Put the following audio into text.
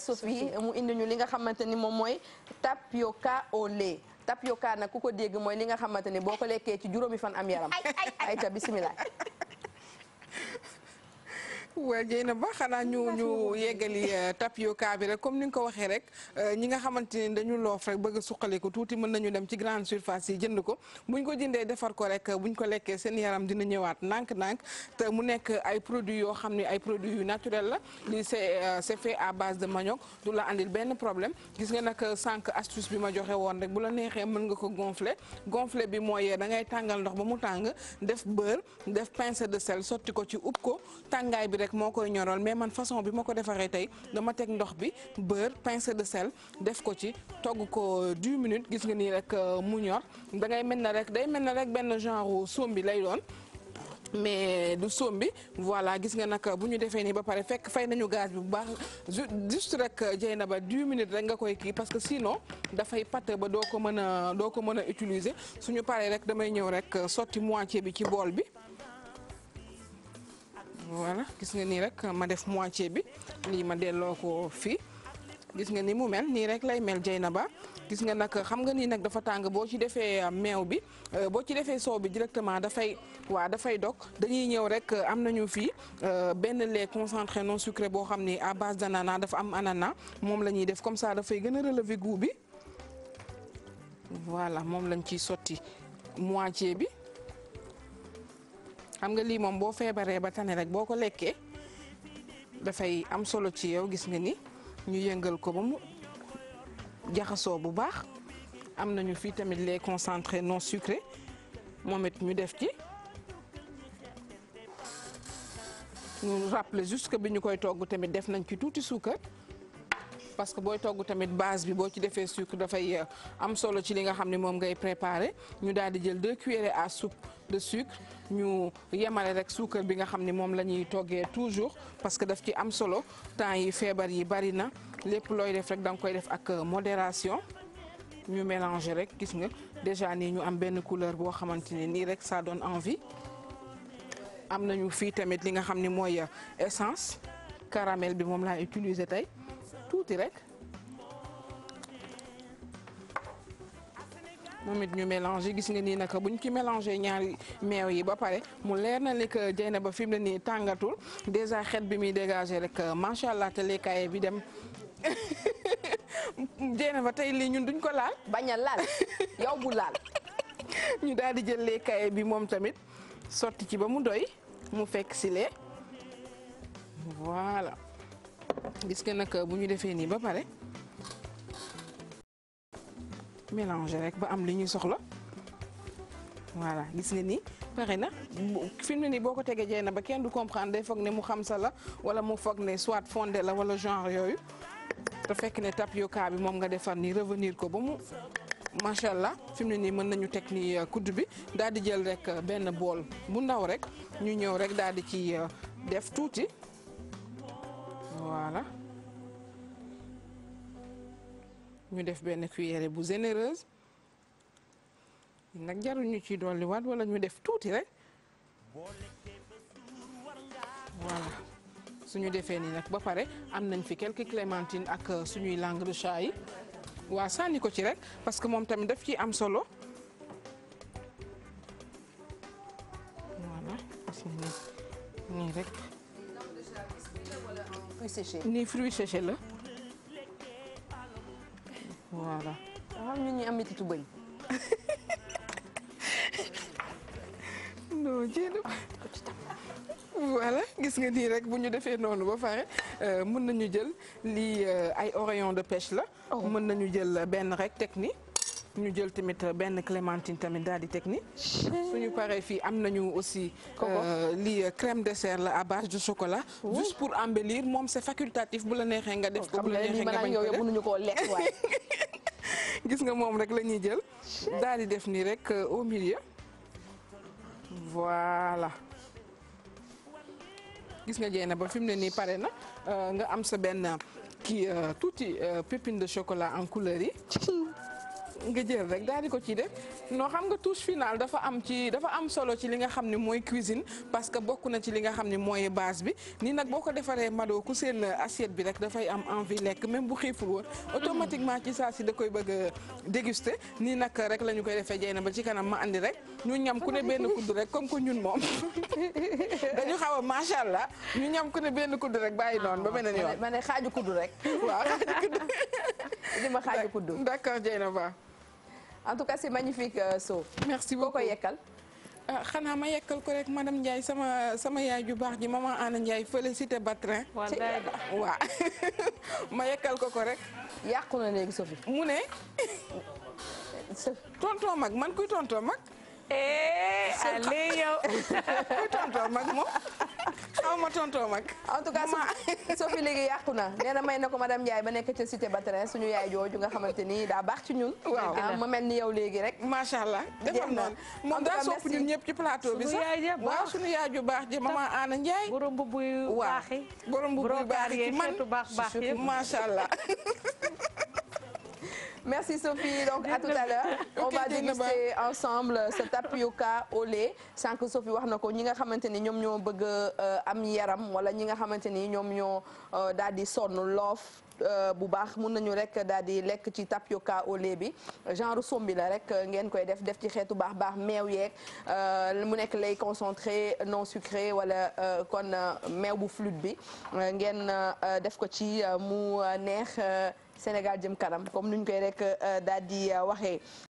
Sophie mu indi ñu li nga xamante ni moom mooy tapioca au lait tapioca nag ku ko dégg mooy li nga xamante ni boo ko lekkee ci juróomi fan am yaram. ay ay bisimilah. na Dieynaba xanaa ñu ñu yeggali euh, tapioca bi rek comme ni nga ko waxee rek euh, ñi nga xamante ni dañu loof rek bëgg a ko tuuti mën nañu dem ci grande surface yi jënd ko buñ ko jëndee defar ko rek buñ ko lekkee seen yaram dina ñëwaat ndànk-ndànk te mu nekk ay produits yoo xam ne ay produits yu naturel la li c'est euh, c'est fait à base de manioc du la andil benn problème gis nga nag sànq astuce bi ma joxe woon rek bu la neexee mën nga ko gonfler gonfler bi mooy da ngay tàngal ndox ba mu tàng def beurre def pincée de sel sotti ko ci ub ko rek moo koy ñoral mais man façon bi ma ko defaree tey dama teg ndox bi beurre pincée de sel def ko ci togg ko 10 minutes gis nga nii rek euh, mu ñor dangay mel na rek day mel na rek benn genre sombi lay doon. mais du soom bi voilà gis nga nag bu ñu defee nii ba pare fekk fay nañu gaz bi bu baax juste rek jey euh, na ba 10 minutes rek nga koy kii parce que sinon dafay pâte ba doo ko mën a doo ko mën a utiliser suñu paree rek damay ñëw rek euh, sotti moitié bi ci bool bi. voilà gis nga nii rek ma def moitié bi lii ma delloo ko fii gis nga ni mu mel nii rek lay mel Dieynaba gis nga nag xam nga nii nag dafa tàng boo ci defee meew bi euh, boo ci defee soow bi directement dafay waa dafay dog dañuy ñëw rek am nañu fii euh, benn lait concentré non sucré boo xam ni à base d'ananas dafa am ananas moom la ñuy def comme ça dafay gën a relever goût bi moom lañ ciy sotti moitié bi. xam nga lii moom boo feebaree ba tane rek boo ko lekkee dafay am solo ci yow gis nga ni ñu yëngal ko ba mu jaxasoo bu baax am nañu fii tamit les concentre non sucrés moom it ñu def ci ñu rappeler juste que bi ñu koy togg tamit def nañ ci tuuti suukar parce que booy togg tamit base bi boo ci defee sucre dafay euh, am solo ci li nga xam ne moom ngay préparer ñu daal di jël deux cuillerées à soupe de sucre ñu yemale rek suukar bi nga xam ne moom la ñuy toggee toujours parce que daf ci am solo temps yi feebar yi bari na lépp looy def rek da koy def ak euh, modération ñu mélanger rek gis nga déjà ni ñu am benn couleur boo xamante ne nii rek ça donne envie am nañu fii tamit li nga xam ni mooy euh, essence caramel bi moom laa utiliser tey. tuuti rek moom it ñu mélangé gis nga nii naka buñ ci mélangé ñaari meew yi ba pare mu leer na ni que jëy ba fi mu ne nii tàngatul dèjà xet bi muy dégagé rek euh, macha allah te lekkaay bi dem jëy na ba tey lii ñun duñ ko laal. bañ a laal yow bu laal. ñu daal di jël lekkaay bi moom tamit sotti ci ba mu doy mu fekk si lee voilà. gis nga nag bu ñu defee nii ba pare mélanger rek ba am li ñuy soxla voilà gis nga ni pare na fi mu ne nii boo ko tegee jey na ba kenn du comprendre day foog ne mu xam sa la wala mu foog ne soit fondé la wala genre yooyu te fekk ne tapioca bi moom nga defar nii revenir ko ba mu macha allah fi mu ne nii mën nañu teg ni euh, kuddu bi daal di jël rek euh, benn bool bu ndaw rek ñu ñëw rek daal di ci euh, def tuuti. voilà ñu def benn cuillère bu généreuse nag jarul ñu ci dolli waat wala ñu def tuuti rek voilà suñu defee nii nag ba pare am nañ fi quelques clémentines ak suñuy langue de yi waa sànni ko ci rek parce que moom tamit daf ci am solo voilà nii rek fruits séchés. nii fruits la voilà. dafa am ñun ñu am métitu bëñ. non gis nga nii rek bu ñu defee noonu ba pare euh, mën nañu jël lii euh, ay oreillons de pêche la. Oh. mën nañu jël benn rek teg ñu jël tamit benn clémentine tamit daal di teg ni suñu paree fii am nañu aussi euh, lii euh, crème dessert la à base de chocolat juste pour embellir moom se facultatif bu la neexee nga def ko bu la neexee nga bañ ko mënuñu koo lekk waaye gis nga moom rek la ñuy jël daal di def nii rek euh, au milieu voilà gis nga jeena ba fi mu ne nii pare na nga am sa benn kii tuuti pépine de chocolat en couleur yi nga jël rek daal di ko ci de non xam nga touche finale dafa am ci dafa am solo ci li nga xam ne mooy cuisine parce que bokk na ci li nga xam ne mooy base bi nii nag boo ko defaree mado ku seen assiette bi rek dafay am envie lekk même bu xiiful woon automatiquement ci saa si da koy bëgg a déguster nii nag rek la ñu koy defee jey na ba ci kanam ma andi rek ñu ñam ku ne benn kudd rek comme que ñun moom dañu xaw a macha allah ñu ñam ku ne benn kudd rek bàyyi noonu ba beneen yoon ma ne xaaju kudd rek waaw xaaju kudd di ma xaaju kudd d'accord Dieynaba en tout cas c'est magnifique euh, Sow. merci beaucoup koo koy yekkal. Euh, xanaa ma yekkal ko rek madame Ndiaye sama sama yaay ju baax ji ma Anna Ndiaye félicité Batrin. wallaay waaw ma yekkal ko ko rek. yàqu na léegi mu ne. tonton mag man kuy tonton mag. eh allez yow kuy tonton mag moom. aw ma tontoo mag en tout cas Sophie léegi yàqu na nee na may na ko madame Ndiaye ba nekk ca cité Batrin suñu yaay jooju nga xamante ni daa baax ci ñun waaw ah, ma mel ni yow léegi rek macha allah defar noonu moom daa sopp ñun ñëpp ci plateau bi sax waaw suñu yaay ju baax ji maman Ana Ndiaye borom bu buy baaxi borom bu buy baaxi ci man macha allah merci Sophie donc à tout à l'heure on va déguster ensemble ce tapioca au lait sànq Sophie wax na ko ñi nga xamante ni ñoom ñoo bëgg euh, am yaram wala ñi nga xamante ni ñoom ñoo euh, daal di sonn loof euh, bu baax mun nañu rek daal di lekk ci tapioca au lait bi genre sombi la rek ngeen koy def def ci xeetu baax baax meew yeeg mu nekk lait concentré non sucré wala kon meew bu flûte bi ngeen def ko ci mu neex Sénégal jëm kanam comme nuñ koy rek euh, daal di euh, waxee